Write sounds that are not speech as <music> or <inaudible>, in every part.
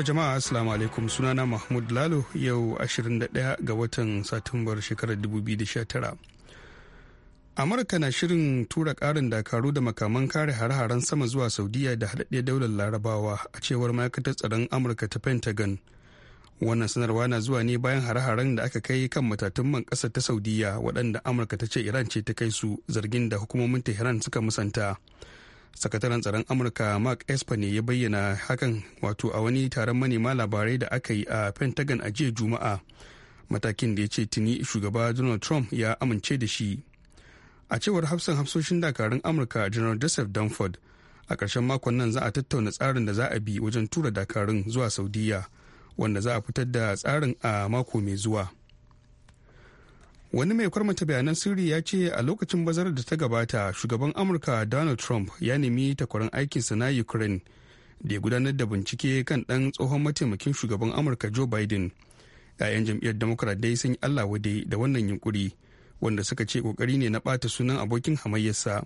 To jama'a assalamu alaikum sunana Mahmud Lalo yau 21 ga watan Satumbar shekarar 2019. Amurka na shirin tura karin dakaru da makaman kare hare-haren sama zuwa Saudiya da haɗaɗɗiyar daular Larabawa a cewar ma'aikatar tsaron Amurka ta Pentagon. Wannan sanarwa na zuwa ne bayan hare-haren da aka kai kan matatun man ƙasa ta Saudiya waɗanda Amurka ta ce Iran ce ta kai su zargin da hukumomin Tehran suka musanta. sakataren tsaron amurka mark esper ne ya bayyana hakan wato a wani taron manema labarai da aka yi a pentagon a jiya juma'a matakin da ya ce tuni shugaba donald trump ya amince da shi a cewar hafsan hafsoshin dakarun amurka general joseph danford a ƙarshen makon nan za a tattauna tsarin da za a bi wajen tura dakarun zuwa saudiya wanda za a fitar da tsarin a mako mai zuwa wani mai kwarmata bayanan sirri ya ce a lokacin bazarar da ta gabata shugaban amurka donald trump ya nemi takwarar aikinsa na ukraine da ya gudanar da bincike kan ɗan tsohon mataimakin shugaban amurka joe biden 'ya'yan jam'iyyar democrat dai sun yi allah wade da wannan yunkuri wanda suka ce kokari ne na bata sunan abokin hamayyarsa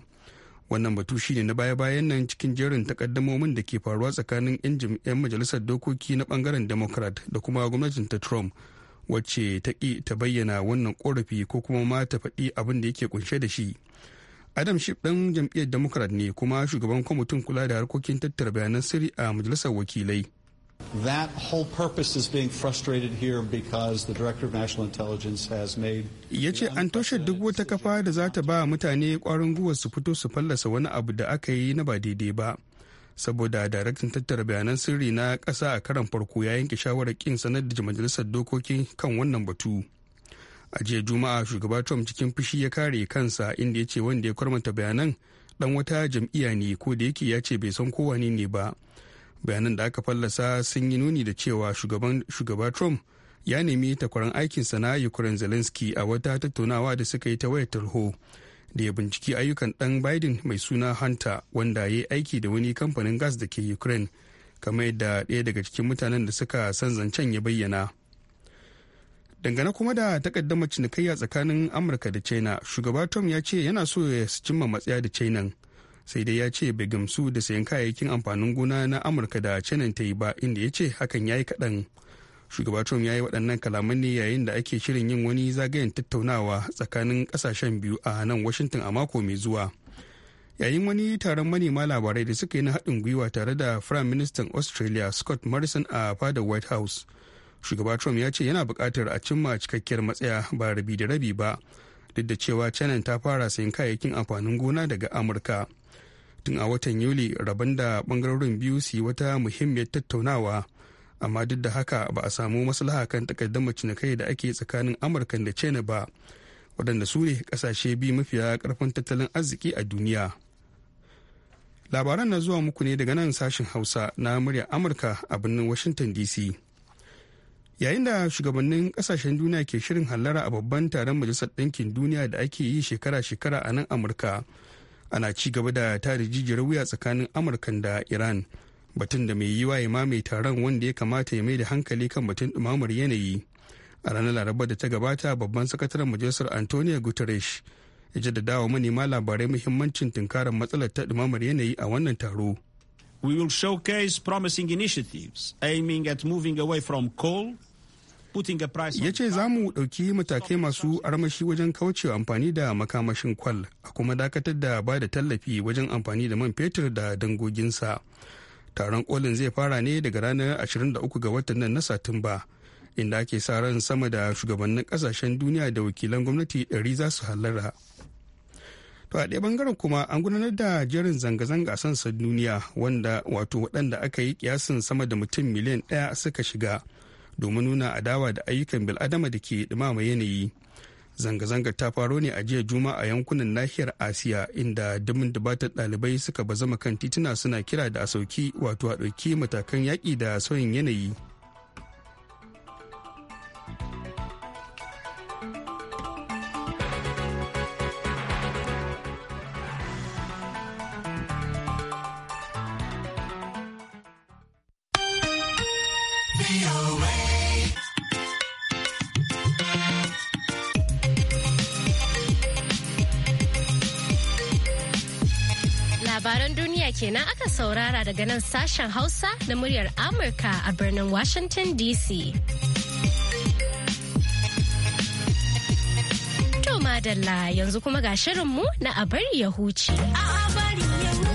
wannan batu shine na baya-bayan nan cikin jerin takaddamomin da ke faruwa tsakanin 'yan majalisar dokoki na bangaren democrat da kuma gwamnatin ta trump wacce ta ƙi ta bayyana wannan korafi ko kuma ma ta faɗi abin da yake kunshe da shi adam shif ɗan jam'iyyar democrat ne kuma shugaban kwamitin kula da harkokin tattara bayanan sirri a majalisar wakilai That whole purpose is being frustrated here because the Director of National Intelligence has made. Ya ce an toshe duk wata kafa da za ta ba mutane ƙwarin guwa su fito su fallasa wani abu da aka yi na ba daidai ba. saboda daraktan tattara bayanan sirri na kasa a karan farko ya yanke shawarar kin sanar da majalisar dokokin kan wannan batu a jiya juma'a shugaba trump cikin fushi ya kare kansa inda ya ce wanda ya kwarmata bayanan dan wata jam'iyya ne ko da yake ya ce bai san kowane ne ba bayanan da aka fallasa sun yi nuni da cewa shugaban shugaba trump ya nemi takwaran aikinsa na ukraine zelensky a wata tattaunawa da suka yi ta wayar tarho da ya binciki ayyukan dan biden mai suna hanta wanda ya yi aiki da wani kamfanin gas da ke ukraine kamar yadda ɗaya daga cikin mutanen da suka san zancen ya bayyana dangane kuma da takaddama cinikayya tsakanin amurka da china shugaba tom ya ce yana so ya cimma matsaya da china sai dai ya ce bai gamsu da sayan kayayyakin amfanin gona na amurka da china ta yi ba inda ya ce hakan ya yi kaɗan shugaba trump ya yi waɗannan kalaman ne yayin da ake shirin yin wani zagayen tattaunawa tsakanin ƙasashen biyu a nan washington a mako mai zuwa yayin wani taron manema labarai da suka yi na haɗin gwiwa tare da prime minister australia scott morrison a fadar white house shugaba trump ya ce yana buƙatar a cimma cikakkiyar matsaya ba rabi da rabi ba duk da cewa china ta fara sayan kayayyakin amfanin gona daga amurka tun a watan yuli rabon da bangarorin biyu su yi wata muhimmiyar tattaunawa amma duk da haka ba a samu maslaha kan takaddamar cinikai da ake tsakanin amurka da china ba waɗanda su ne ƙasashe biyu mafiya ƙarfin tattalin arziki a duniya labaran na zuwa muku ne daga nan sashen hausa na muryar amurka a birnin washington dc yayin da shugabannin ƙasashen duniya ke shirin hallara a babban taron majalisar ɗinkin duniya da ake yi shekara-shekara a nan amurka ana ci gaba da tare jijiyar wuya tsakanin amurka da iran batun da mai yiwa ya mamaye taron wanda ya kamata ya mai da hankali kan batun ɗumamar yanayi a ranar larabar da ta gabata babban sakataren majalisar antonio guterres ya jaddada wa manema labarai muhimmancin tunkarar matsalar ta dumamar yanayi a wannan taro We will showcase promising initiatives aiming at moving away from coal ya ce za mu ɗauki matakai masu armashi wajen kaucewa amfani da makamashin kwal a kuma dakatar da ba da tallafi wajen amfani da man fetur da dangoginsa taron kolin zai fara ne daga ranar 23 ga watan nan na satumba inda ake sa ran sama da shugabannin kasashen duniya da wakilan gwamnati 100 za su halarra to a ɗaya bangaren kuma an gudanar da jerin zanga-zanga a sansan duniya wanda wato waɗanda aka yi kiyasin sama da mutum miliyan ɗaya suka shiga domin nuna adawa da ayyukan bil'adama da ke ɗumama yanayi zanga-zangar ta faro ne a jiya juma'a yankunan nahiyar asiya inda dimin dubatar dalibai suka bazama kan tituna suna kira da a sauki wato a ɗauki matakan yaƙi da sauyin yanayi kenan aka saurara daga nan sashen Hausa na muryar Amurka a birnin Washington DC. To madalla yanzu kuma ga shirinmu na a ya huce. A bari ya huce.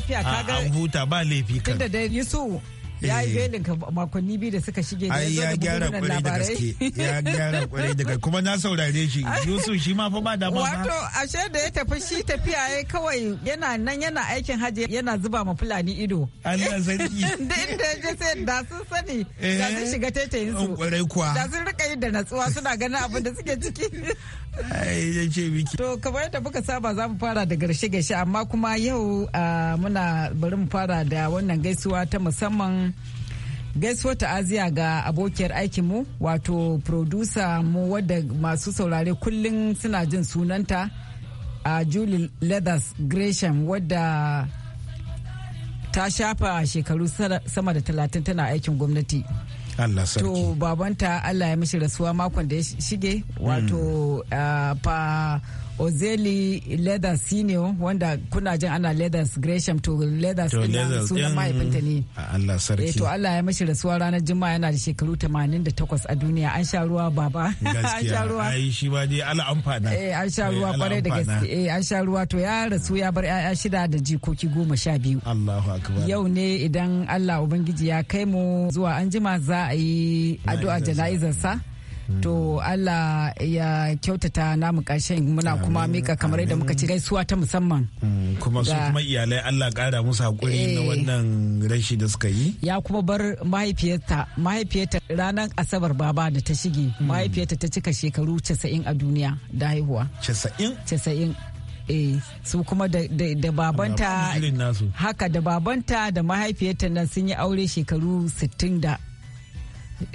lafiya kaga an huta ba laifi kan tunda dai yusu ya yi eh. belin ka makonni biyu da suka shige da ya gyara kwarai da gaske ya gyara kwarai da gaske kuma na saurare shi yusuf shi ma fa ba da ma wato ashe da ya tafi shi tafiya ya kawai yana nan yana aikin hajji yana zuba ma fulani ido Allah sarki <laughs> da inda ya sai da sun sani da sun eh. shiga tetayin su oh, kwarai kuwa da sun rika yi da natsuwa suna ganin abin da suke ciki <laughs> ai ya ce miki to kamar yadda muka saba za mu fara da garshe gashi amma kuma yau ah, muna bari mu fara da wannan gaisuwa ta musamman gaisuwar ta'aziya ga abokiyar aikinmu wato producer mu wadda masu saurare kullum suna jin sunanta a julie leathers gresham wadda ta shafa shekaru sama da talatin tana aikin gwamnati Allah To babanta Allah ya mashi rasuwa makon da ya shige wato pa mm. ozeli leather senior wanda kuna jin ana leathers gresham to leathers sunan mahaifinta ne Allah sarki eh, to Allah ya mashi rasuwa ranar juma'a yana da shekaru 88 a duniya an sha ruwa baba <laughs> an sha ruwa ai shi ba dai ala amfana eh an sha eh, ruwa kwarai da gaske eh an sha ruwa to ya rasu ya bar ya shida da jikoki goma sha biyu Allahu akbar yau ne idan Allah ubangiji ya kai mu zuwa anjima za a yi addu'a jana'izarsa Mm. to Allah ya kyautata namu kashin muna kuma mika kamar yadda muka ci gaisuwa ta musamman mm, kuma su kuma iyalai Allah kara musu hakuri na eh. wannan rashi da suka yi ya kuma bar mahaifiyarta mahaifiyarta ranar asabar baba da ta shige mm. mahaifiyarta ta cika shekaru 90 a duniya da haihuwa 90 eh su kuma da, da, da babanta haka da babanta da mahaifiyarta nan sun yi aure shekaru 60 da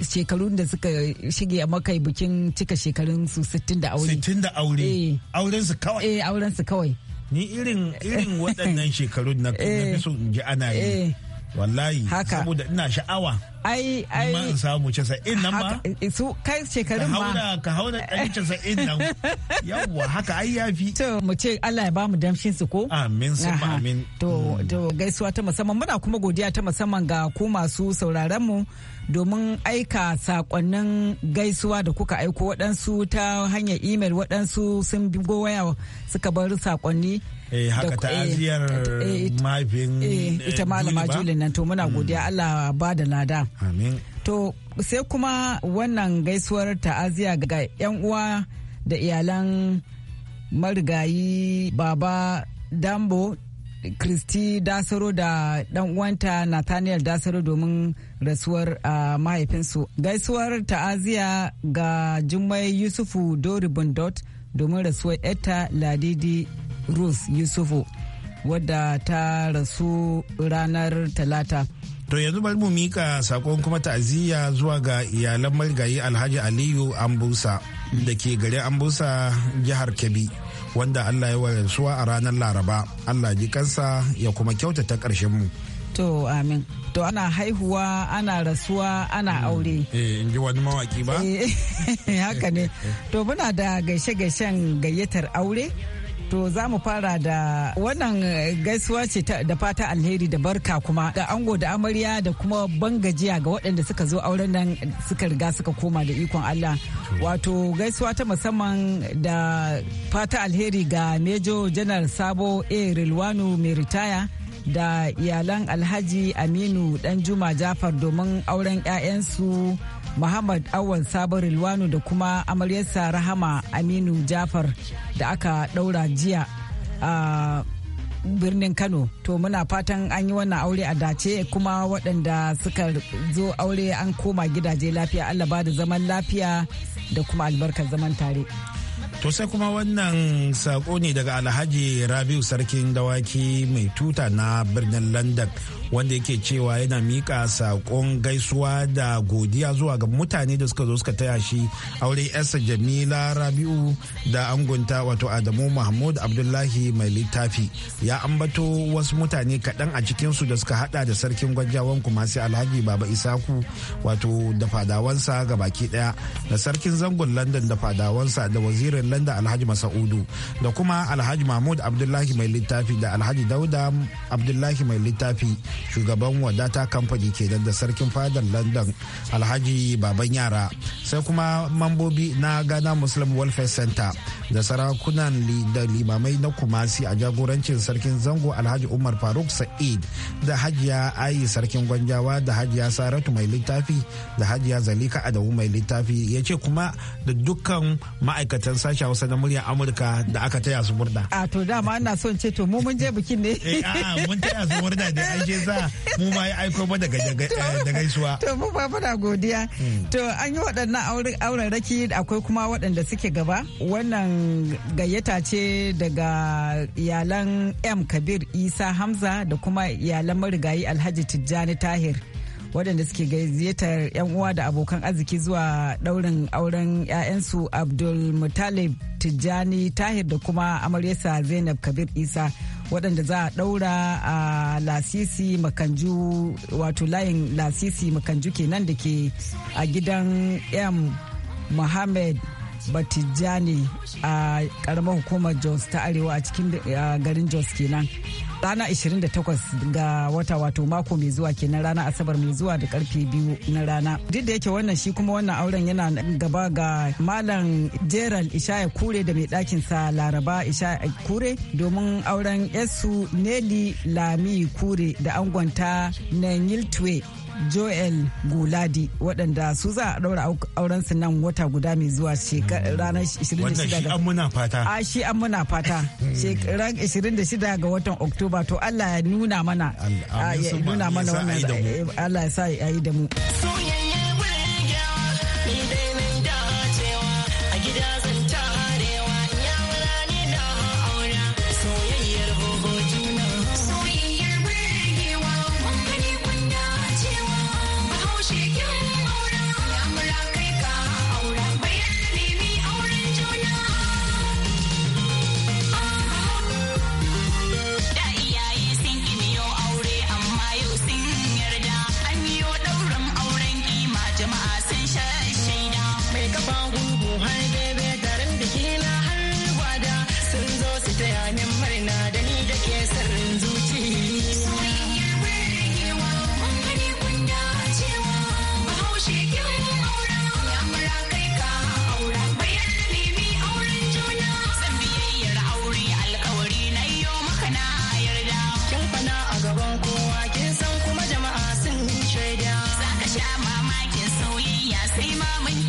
shekarun da suka shige a makai bikin cika shekarun su 60 da aure 60 da aure eh. auren su kawai eh auren su kawai ni irin irin <laughs> waɗannan shekarun na fi so in ji ana yi eh. wallahi saboda ina sha'awa ai ai ma in samu 90 nan ma eh, su kai shekarun ma ka haura ka haura in nan <laughs> yawwa haka ai fi to mu ce Allah ya ba mu damshin su ko amin sun amin to mm. to gaisuwa ta musamman muna kuma godiya ta musamman ga ku masu sauraron mu domin aika sakonnin gaisuwa da kuka aiko waɗansu ta hanyar email waɗansu sun bi waya suka bar sakonni eh haka eh, ta'aziyar eh, mafin ita malama julin nan to muna mm. godiya Allah ba da lada Amin. To sai kuma wannan gaisuwar ta'aziya ga 'yan uwa da iyalan marigayi baba dambo kristi dasaro da dan uwanta nathaniel dasaro domin rasuwar uh, mahaifinsu gaisuwar ta'aziya ga jummai yusufu dori bundot domin rasuwar yarta ladidi ruth yusufu wadda ta rasu ranar talata To yanzu bari mu mika sakon kuma ta'aziyya zuwa ga iyalan marigayi Alhaji Aliyu Ambusa da ke garin Ambusa jihar Kebbi wanda Allah ya suwa a ranar Laraba. Allah ji kansa ya kuma kyautata ƙarshen mu. To amin. To ana haihuwa, ana rasuwa, ana hmm. aure. Eh, in ji wani mawaki ba? Eh, <laughs> haka ne. To muna da gaishe-gaishen gayyatar aure. To za mu fara da wannan eh, gaisuwa ce da fata alheri da barka kuma da ango da amarya da kuma ban gajiya ga waɗanda suka zo auren nan suka riga suka koma da ikon Allah. Wato gaisuwa ta musamman da fata alheri ga Mejo Janar Sabo A. Rilwanu mai ritaya. da iyalan alhaji aminu danjuma jafar domin auren 'ya'yansu muhammad awon sabon rilwano da kuma amaryarsa rahama aminu jafar da aka daura jiya a birnin kano to muna fatan an yi wannan aure a dace kuma waɗanda suka zo aure an koma gidaje lafiya allah ba da zaman lafiya da kuma albarkar zaman tare To sai kuma wannan sako ne daga Alhaji Rabiu Sarkin Dawaki mai tuta na birnin London wanda yake cewa yana mika sakon gaisuwa da godiya zuwa ga mutane da suka zo suka taya shi aure yasa jamila rabi'u da angunta wato adamu mahmud abdullahi mai littafi ya ambato wasu mutane kaɗan a cikinsu da suka hada da sarkin gwajawan kuma sai alhaji baba isaku wato da fadawansa ga baki ɗaya da sarkin zangon london da fadawansa da wazirin london alhaji masa'udu da kuma alhaji mahmud abdullahi mai littafi da alhaji dauda abdullahi mai littafi shugaban wadata kamfani ke da sarkin fadar london alhaji baban yara sai kuma mambobi na ghana muslim welfare center da sarakunan da limamai na kumasi a jagorancin sarkin zango alhaji umar faruk sa'id da hajiya ayi sarkin gwanjawa da hajiya saratu mai littafi da hajiya zalika adamu mai littafi ya ce kuma da dukkan ma'aikatan sashen hausa na muryar amurka da aka taya su murda a to dama ana son ce to mu mun je bikin ne eh, mun taya su murda da ake za sa mu ma ya aiko ba daga eh, gaisuwa. To mu ba fara godiya. Hmm. To an yi waɗannan auren raki akwai kuma waɗanda suke gaba. Wannan gayyata ce daga iyalan M Kabir Isa Hamza da kuma iyalan marigayi Alhaji Tijjani Tahir. waɗanda suke gayyatar 'yan uwa da abokan arziki zuwa ɗaurin auren 'ya'yansu abdul mutalib tijjani tahir da kuma amaryarsa zainab kabir isa waɗanda za a ɗaura a lasisi makanju wato layin lasisi makanju kenan da ke a gidan m mohammed batijani a ƙaramar hukumar jos ta arewa a cikin garin jos kenan rana 28 ga wata wato mako mai zuwa kenan rana asabar mai zuwa da karfe biyu na rana duk da yake wannan shi kuma wannan auren yana gaba ga malam jeral ishaya kure da mai ɗakin sa laraba ishaya kure domin auren yasu neli lami kure da angonta na joel guladi waɗanda su za a ɗaura auren su nan wata guda mai zuwa ranar 26 ga muna fata a shi an muna fata shekarar 26 ga watan oktoba to allah ya nuna mana ah, ya nuna mana wannan eh, allah ya sa yi da mu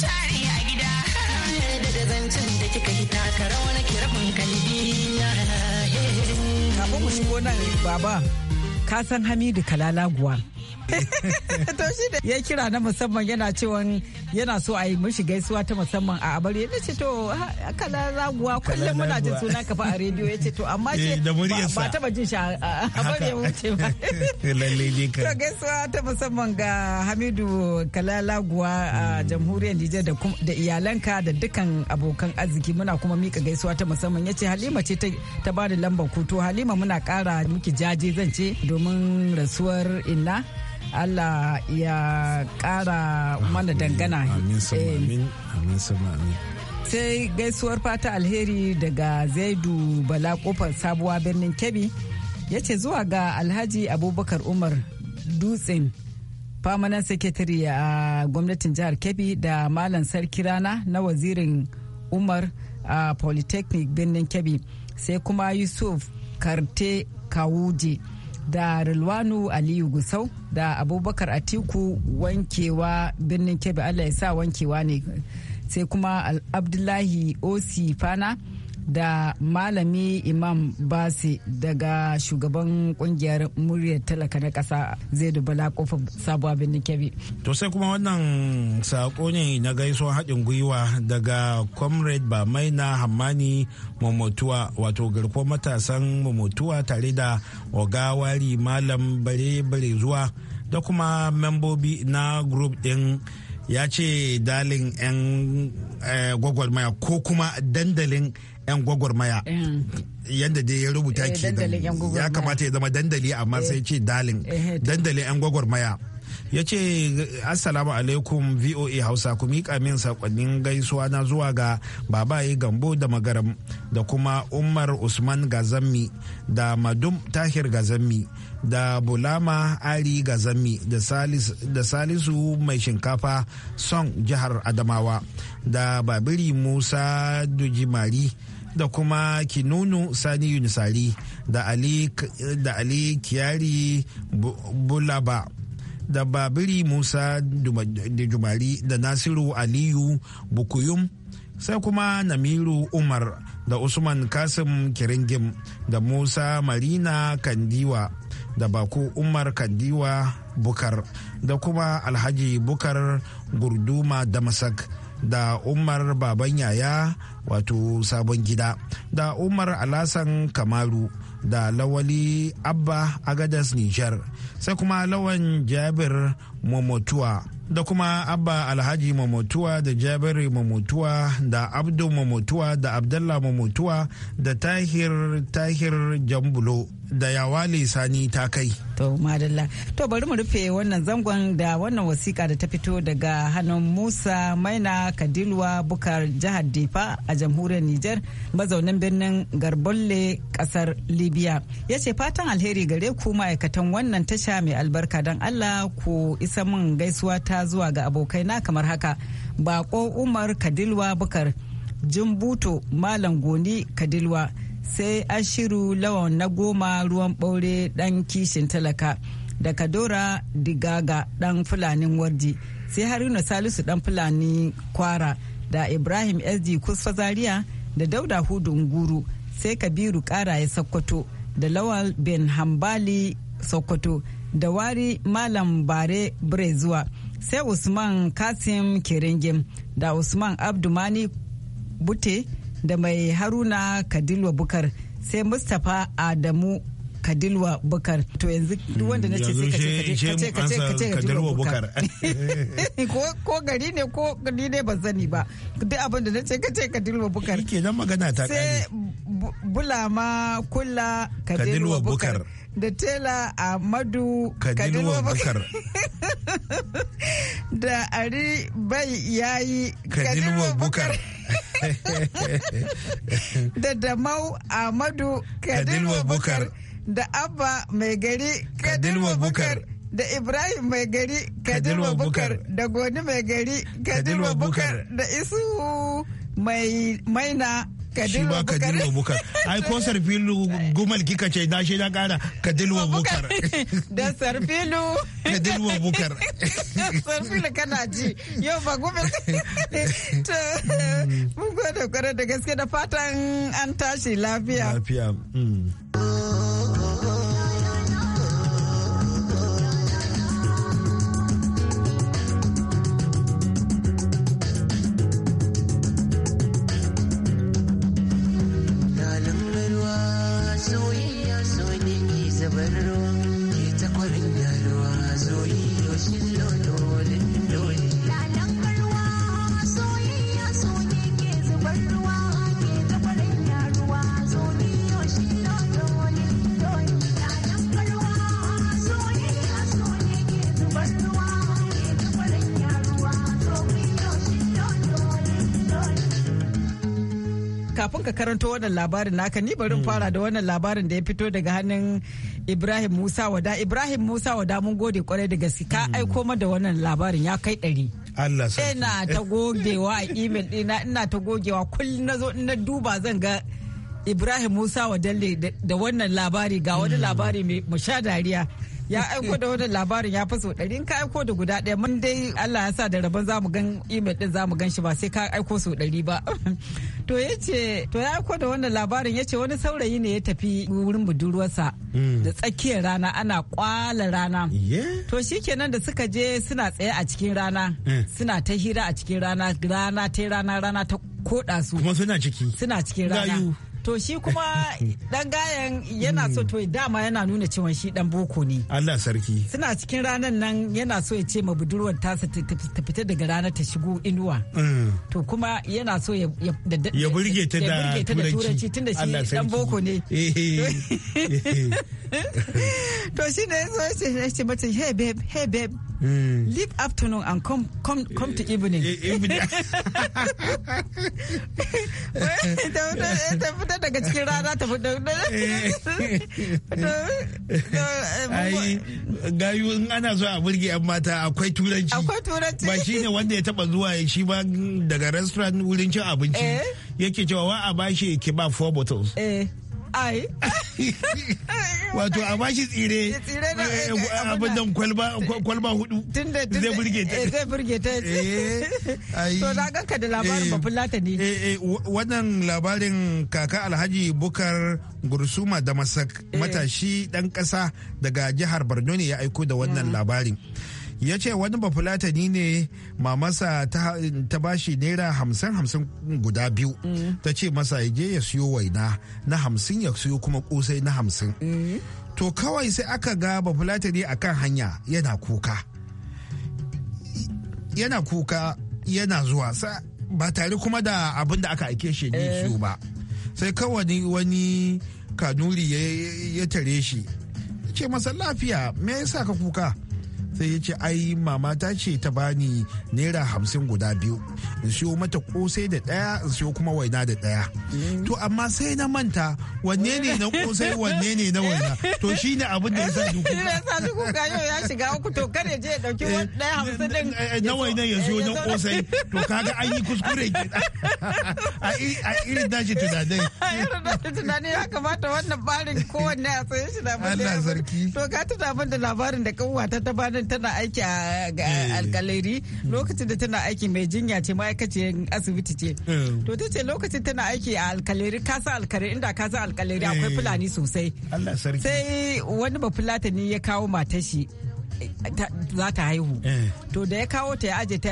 tare a gida da zancen da kika yi kara wani kirafin kalbi kafin mu shigo nan baba ka san hamidu kalalaguwa to shi ya kira na musamman yana cewa yana so a yi mishi gaisuwa ta musamman a abar ya ce to kala raguwa kullum muna jin suna ka fa a rediyo ya ce to amma eh, shi ba taba jin shi a abar ya wuce ba <laughs> to gaisuwa ta musamman ga Hamidu kala a hmm. jamhuriyar Nijar da iyalanka da dukkan abokan arziki muna kuma mika gaisuwa ta musamman ya ce Halima ce ta ba da lambar kuto Halima muna kara miki jaje zance domin rasuwar inna Allah ya ƙara mana dangana. Amin eh. amin. Amin amin. Sai gaisuwar fata alheri daga Zaidu Bala kofar sabuwa birnin Kebbi ya ce zuwa ga Alhaji Abubakar Umar Dutsen famanan sekretari a gwamnatin jihar Kebbi da Malam Sarki Rana na wazirin Umar a Polytechnic birnin Kebbi sai kuma Yusuf Karte Kawuje. da Rilwanu Aliyu Gusau da Abubakar Atiku wankewa birnin Kebbi Allah ya sa wankewa ne sai kuma Abdullahi osifana. da malami imam basi daga shugaban kungiyar muryar talaka na kasa zai dubala kofar sabuwa birnin kebbi to sai kuma wannan sako ne na gaisuwan haɗin gwiwa daga comrade na hamani mamotuwa wato garko matasan mamotuwa tare da ogawari malam bare bare zuwa da kuma membobi na group din ya ce dalin 'yan eh, gwagwarmaya ko kuma dandalin 'yan gwagwarmaya eh. yadda dai ya rubuta eh, ke ya kamata ya zama dandali amma sai ce dalin eh, dandalin 'yan gwagwarmaya ya ce assalamu alaikum voa hausa ku miƙa min saƙonnin gaisuwa na zuwa ga babaye gambo da magaram da kuma umar usman gazammi da madum tahir gazammi da bulama Ari gazammi da, salisu mai shinkafa son jihar adamawa da babiri musa dujimari da kuma kinunu sani yunisari da ali, da ali kiyari bulaba da babiri musa jumari da nasiru aliyu bukuyum sai kuma namiru umar da usman kasim kiringim da musa marina kandiwa da baku umar kandiwa bukar da kuma alhaji bukar gurduma damasak da umar baban yaya wato sabon gida da umar alasan kamaru da lawali abba agadas nijar sai kuma lawan jabir momotuwa da kuma abba alhaji momotuwa da jabiru momotuwa da abdu momotuwa da abdallah momotuwa da tahir tahir jambulo da yawale sani ta kai to madalla to bari mu rufe wannan zangon da wannan wasiƙa da ta fito daga hannun musa maina kadilwa bukar jihar difa a jamhuriyar niger mazaunin birnin garbolle kasar libya ya ce fatan alheri gare ku ma'aikatan wannan tasha mai albarka don allah ku isa isa min gaisuwa ta zuwa ga abokai na kamar haka bako umar kadilwa bukar jimbuto malam goni kadilwa sai ashiru lawan na goma ruwan ɓaure ɗan kishin talaka da kadora digaga ɗan fulanin wardi sai haruna salisu ɗan fulani kwara da ibrahim sd kusfa zaria da dauda hudu nguru sai kabiru ƙara ya sokoto da lawal ben hambali sokoto da wari malam bare zuwa sai usman kasim kiringim da usman abdumani bute da mai haruna kadilwa bukar sai mustapha adamu kadilwa bukar to yanzu duk wanda na ce sai ka ce ka ce ka ce kadilwa bukar ko gari ne ko gari ne ba zani ba duk abin da na ce ka ce kadilwa bukar dan magana ta sai bulama kulla kadilwa bukar da tela Ahmadu kadiru Bakar <laughs> da Ari Bai yayi kadiru Bakar <laughs> da Damau Ahmadu kadiru Bakar da Abba Mai Gari kadiru Bakar da Ibrahim mai gari kadiru Bukar da Goni mai gari kadiru Bukar da Isu mai maina shi ba kadirwa bukar ai ko sarfilu gumal kika ce na shi na kara kadirwa bukar da sarfilu kadirwa bukar sarfilu kana ji yau ba gumal to mun gode kwarar da gaske da fatan an tashi lafiya lafiya hmm. kafin ka karanto wannan labarin naka ni barin hmm. fara da wannan labarin da ya fito daga hannun Ibrahim Musa wada Ibrahim Musa wada mun gode kwarai da gaske ka hmm. aiko da wannan labarin ya kai ɗari. Allah sa. Ina ta gogewa a email ɗina ina ta gogewa kullum na zo na duba zan ga Ibrahim Musa wadalle da wannan labari ga wani hmm. labari mai sha dariya. ya aiko da wannan labarin ya fi sau ɗari in ka aiko da guda ɗaya mun dai Allah ya sa da rabon za mu gan email din mu gan shi ba sai ka aiko sau ɗari ba <laughs> to ya ce to ya aiko da wannan labarin ya ce wani saurayi ne ya tafi wurin budurwarsa hmm. da tsakiyar rana ana kwala rana to shi kenan da suka je suna tsaye a cikin rana hmm. suna ta hira a cikin rana rana ta rana rana ta koda su kuma suna ciki suna cikin rana to shi kuma <laughs> dan gayan yana so to dama yana nuna cewa shi dan boko ne Allah sarki suna cikin ranar nan yana so ya ce ma budurwar ta ta fita daga ranar ta shigo inuwa mm. to kuma yana so ya ya burge ta da turanci tunda shi dan boko ne eh. <laughs> to shi ne so ya ce mata hey babe hey babe Hmm. Leave afternoon and come come come to evening. E- e- evening. Ta fita daga cikin rana ta fita. gayu in ana so a burge yan mata akwai turanci. Akwai turanci. Ba shi ne wanda ya taba zuwa shi ba daga restaurant wurin cin abinci. Eh. Yake cewa wa a bashi kiba four bottles. Eh. ai <laughs> wato a bashi tsire eh, eh, eh, abin da kwalba kwalba hudu zai burge ta zai burge ta <laughs> to na ganka da labarin bafulata ne wannan labarin kaka alhaji bukar gursuma da masak matashi dan kasa daga jihar borno ne ya aiko da wannan mm. labarin ya ce wani bafulatani ne mamasa ta bashi naira hamsin hamsin guda biyu mm. ta ce masa ya je ya siyo waina na hamsin ya siyo kuma kosai na hamsin mm. to kawai sai aka ga bafulatani a kan hanya yana kuka yana kuka yana zuwa ba tare kuma da abin da aka aike shi ne eh. siyo ba sai kawai wani kanuri ya tare shi ce masa lafiya me yasa ka kuka sai ya ce ai mama ta ce ta bani naira hamsin guda biyu in siyo mata kosai da ɗaya in siyo kuma waina da ɗaya to amma sai na manta wanne ne na kosai wanne ne na waina to shi ne abin da ya sa duku <laughs> ya ya shiga uku to kar ya je ya dauki eh, ɗaya hamsin din eh, eh, na waina ya siyo na kosai to kaga an yi kuskure <laughs> a irin dashi tunanai a irin dashi tunanai ya kamata wannan barin kowanne a sayan shi da Allah to ka tuna da labarin da kanwata ta bani lokacin tana aiki a eh. alkaleri lokacin da tana aiki mai jinya ce ma'aikaciyar asibiti ce eh. to ta ce lokacin tana aiki a alkaleri kasa alkaleri inda kasa alkaleri akwai eh. fulani sosai sai wani bafulatani ya kawo matar shi za ta haihu to da ya kawo ta ya aje ta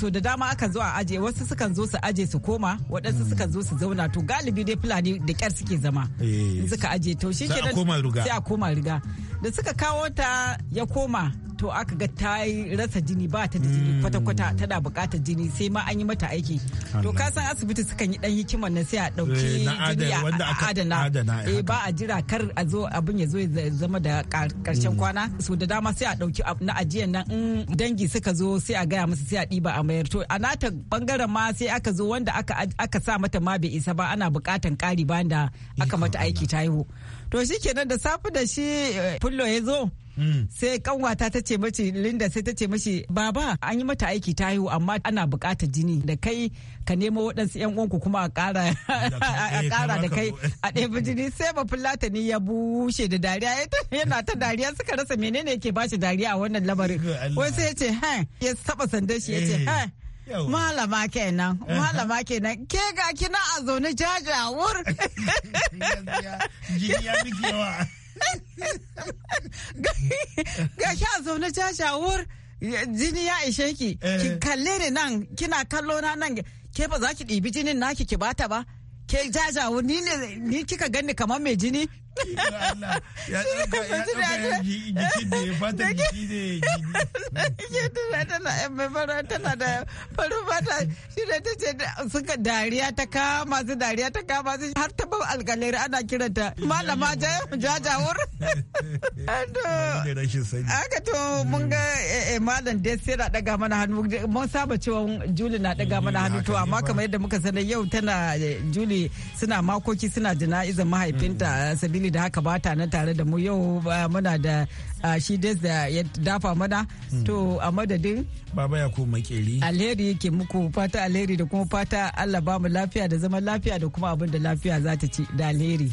so da dama aka zo a aje wasu sukan zo su aje su koma waɗansu hmm. sukan zo su zauna to galibi dai fulani da kyar suke zama suka aje to shi kenan sai a koma riga da suka kawo ta ya koma to aka ga ta rasa jini ba ta da jini mm. kwata-kwata tana bukatar jini sai ma an yi mata aiki to ka san asibiti suka yi dan hikimar na sai a dauki eh, jini a adana eh, eh ba a jira kar a zo abin ya zo ya zama da karshen mm. kwana so da dama sai a dauki na ajiyan nan in dangi suka zo sai a gaya musu sai a diba a mayar to a nata bangaren ma sai aka zo wanda aka aka sa mata ma bai isa ba ana bukatan kari bayan da aka mata aiki ta haihu to shi kenan da safe da shi eh, fullo ya zo hmm. sai kanwata ta ce mace linda sai ta ce mace baba an yi mata aiki ta haihu amma ana bukatar jini da kai ka nemo waɗansu yan uwanku kuma a ƙara <laughs> eh, da kai <laughs> a ɗebi jini sai ba ya bushe da dariya yana ta dariya suka rasa menene ke ba shi dariya a wannan lamarin wai sai ya ce ya saba sandan shi ya ce eh. malama kenan eh. malama kenan ke ga kina a zaune jajawur <laughs> ga shi a zaune jajawur jini ya ishe ki ki eh. kalle ni nan kina kallo na nan ke ba za ki ɗibi jinin naki ki bata ba ke jajawur ni ne ni kika gani kamar mai jini ya ɗauka ya ɗauka jiki da ya fata jiki da ya ke tuna tana eh, mai fara tana da farin fata shi ta ce suka dariya ta kama su dariya ta kama su har ta alƙalari ana kiranta malama jajawar <laughs> to mun ga eh, eh, malam da sai na ɗaga mana hannu mun saba cewa juli na ɗaga mana hannu to amma kamar yadda muka sanar yau tana juli suna makoki suna jana'izar mahaifinta mm. sabili da haka bata na tare da mu yau muna da shi da ya dafa mana hmm. to a madadin baba ya ko makeri alheri yake muku fata alheri da kuma fata Allah ba mu lafiya da zaman lafiya da kuma abin da lafiya za ta ci da alheri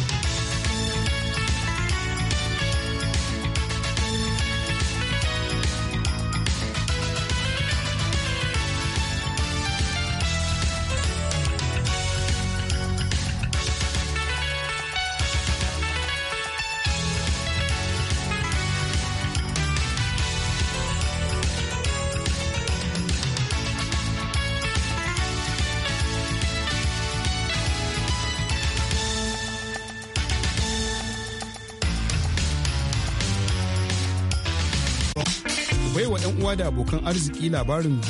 da abokan arziki labarin